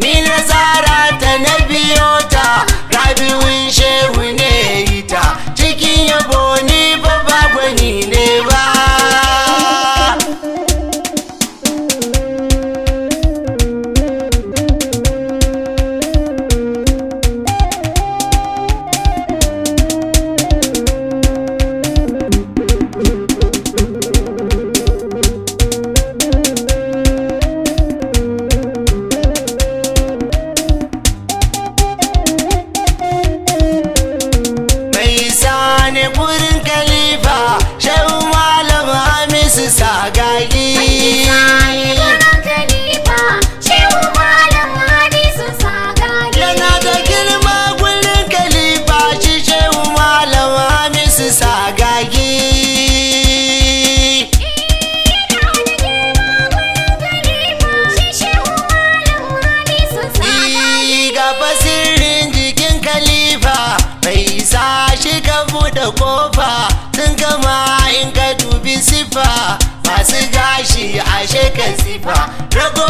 Minasara na tsara ta na Eu dou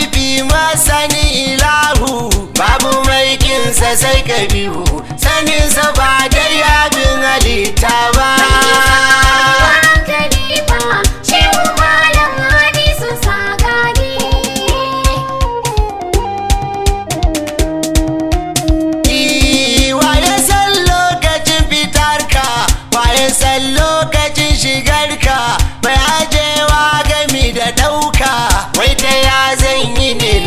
karfi masani ilahu babu mai kinsa sai kabihu saninsa ba dai abin halitta ba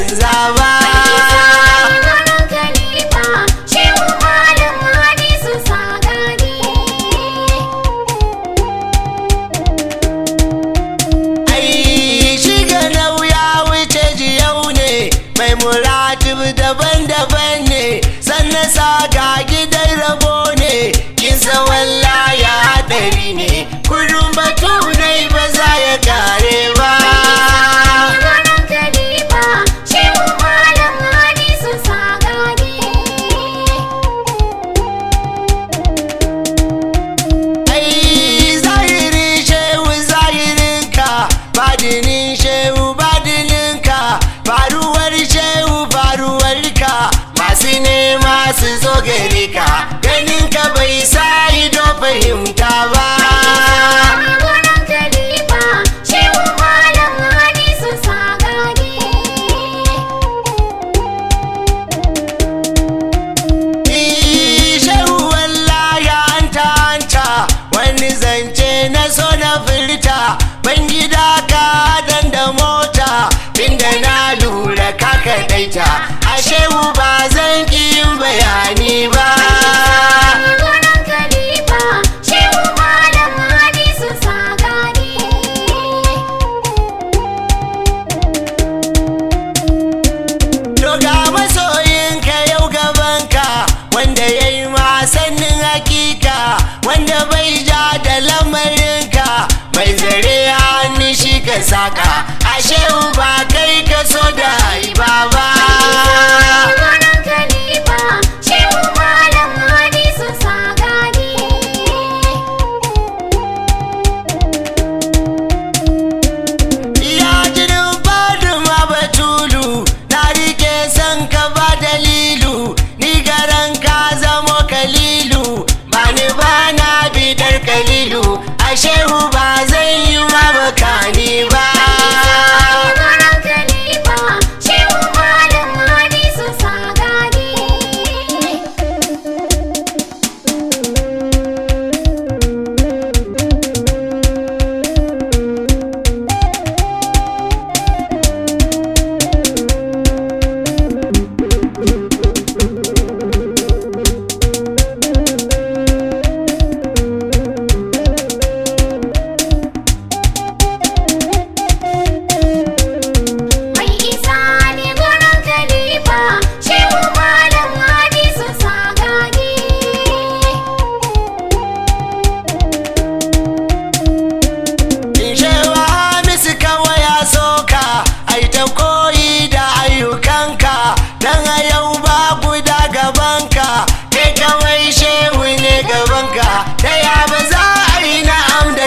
Cause I'm. danger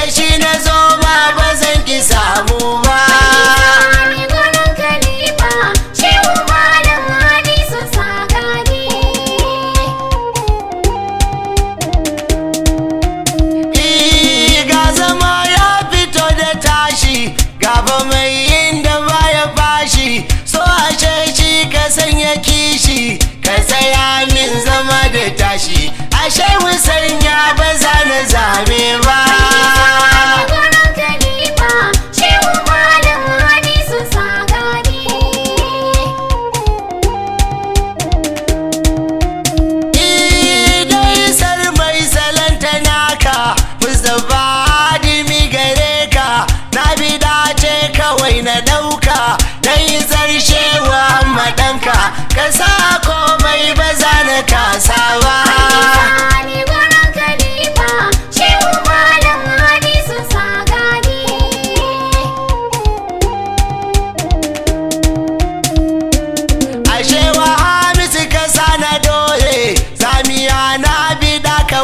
da shi na zo ba zan ki samu ba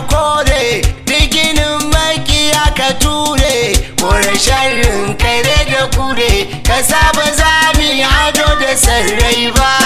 kore diginin maki ka ture kore sharrin kare da kure ka saba zami ado da sarrai ba